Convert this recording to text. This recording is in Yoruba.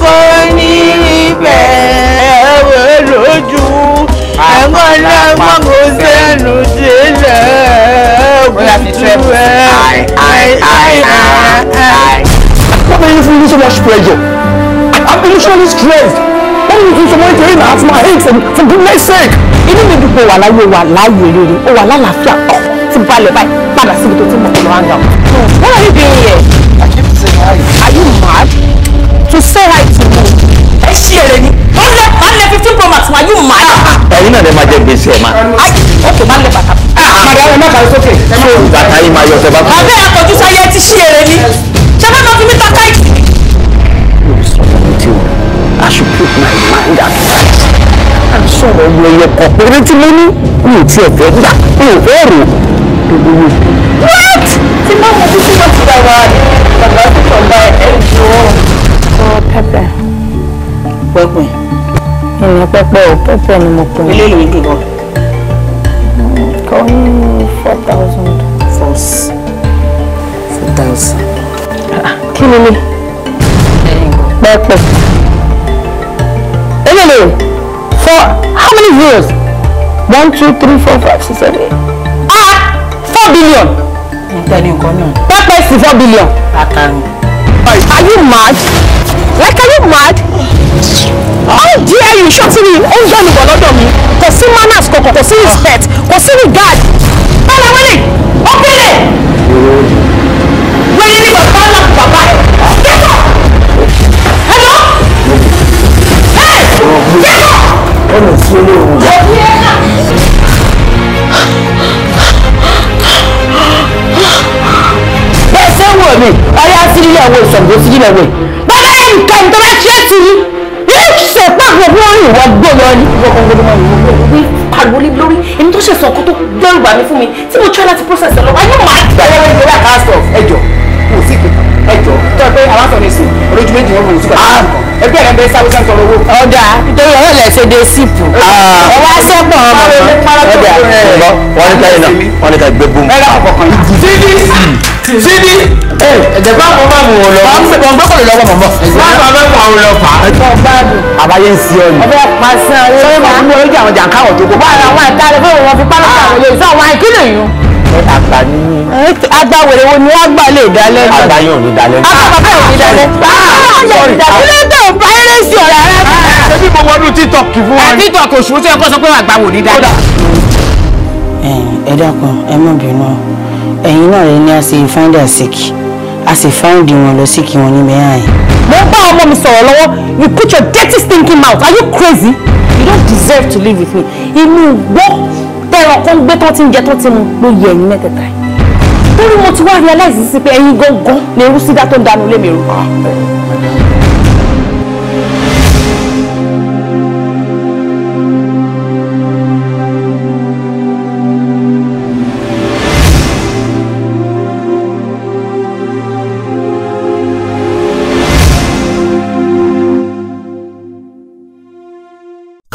kó ní ibẹ̀ ẹ̀wẹ̀ lójú ẹ̀wọ̀n náà mọ̀ kó sẹ́nu délẹ̀ ẹ̀wùjú ẹ̀ ẹ̀ ẹ̀. Why are you feeling so much pressure? I'm emotionally stressed. Why are you think someone so much pain at my head for, for goodness sake? Inú mi dùn pé wà láyé wà láyé rere, ó wà lálàáfíà ọ̀ ti balẹ̀ báyìí padà síbi tó ti mọ̀ ọ́ lọ́wọ́ àgbà. What are you doing here? I keep saying hi to say hi to me. ẹ ṣí èrè ni ó lẹ bá lẹ fifteen pro max wáyé mà á. ẹ̀yin náà lè máa jẹ gbèsè ẹ máa. ayi ó kò bá lẹ bàtà. àmàlà ah, ah. ẹ má kàrí sókè. ṣé bàtà yìí máa yọ ọsẹ bá kú. àbẹ́ sáyé ti ṣí èrè ni ṣé bá máa fi mí ta káyìí. I should put my mind aside and sọ̀rọ̀ ọmọ ẹyẹ kan péré tí mo ní mi ò tiẹ̀ fẹ́ gbà mi ò fẹ́ rò lórí what? ti máa mọ bí tí wọ́n ti dàgbà bàbá tó kàn bá ẹ jù lọ pin. pẹpẹ o pẹpẹ ni mo pin. ilé ìlú dùn bọ. kọ́ ní four thousand. four four thousand. Ah, kí ni ni pẹpẹ. elele for how many zeros one two three four five six seven eight ah four billion. nǹkan ni nǹkan náà. pẹpẹ sí four billion. àkàrùn. are you mad? like are you mad? ìṣọ́tí mi ó ń gbẹ̀mí bọ̀ lọ́dọ̀ mi kò sí manners kankan kò sí respect kò sí regard bọ́lá wẹ́lẹ̀ ó kéde wẹ́lẹ̀ ní bàbá ńlá kù bàbá ẹ̀ kẹ́kọ̀ọ́ hello hey kẹ́kọ̀ọ́ ọ̀nà sí olóòrùn. bẹ́ẹ̀ sẹ́wọ̀n mi ọ̀rẹ́ á sí nílẹ̀ wo ìṣọ̀gbọ́n sí nílẹ̀ wo bọ́lá yẹn nǹkan ìtọ́lá ṣẹ́ẹ̀tì yìí àwọn bí wọ́n ìwọ gbọ́yọ ni. wí pariwo lé lórí èmi tó ṣẹ̀sọ̀ kó tó dẹ́rù bà mí fún mi tí mo try láti process ẹ lọ wáyé màá gbẹ̀rẹ̀ rẹ̀ lórí àkáàsọ̀ ẹjọ́ kò sí ìpè ẹjọ́ tó ẹ pé àwọn sọ̀rọ̀ èsì olójú méjì wọn kò túbọ̀ ẹgbẹ́ rẹ̀ bẹ́ẹ̀ sáré sáré sọ̀rọ̀ owó. ọ̀dà nítorí ọ̀rọ̀ ilẹ̀ ṣe dé síìpù. ọwọ́ aṣẹ́gbọ̀n ọmọ ọ̀dà wọ́n ní ká yẹn náà wọ́n ní ká gbé bóun. ẹ ẹ̀jẹ̀ bá wọn àbáyé ń sí ọyìn. ọbẹ̀ pàṣẹ owó sọ́yìn máa ń mú oríjì àwọn jàǹkáwọ̀ tó kó. báyọ̀ àwọn ẹ̀dá rẹ̀ fẹ́ràn wọn fi pálọ̀ ah! àwọn olè sọ àwọn àìkí lèyún. àgbà ni. àgbà wèrè wo ni wọ́n lè dalẹ̀. àgbà yóò ní dalẹ̀. àgbà yóò ní ah! dalẹ̀. Ah! ẹ̀yin náà lè a ṣe find a sick a sì fáìndì wọn lọ sí kí wọn níbẹ̀ hàn yín. mo bá ọmọ mi sọ̀rọ̀ lọ́wọ́ you put your dirty stinking mouth are you crazy you don't deserve to live with me inú gbọ́ tẹ̀ràn kan gbé tó ti ń jẹ tó ti mu ló yẹ ẹ̀yin mẹ́tẹ̀ẹ̀ta yìí. torí mo ti wá realize sí pé ẹ̀yin gangan lè rú sídá tó ń dànù lé rú.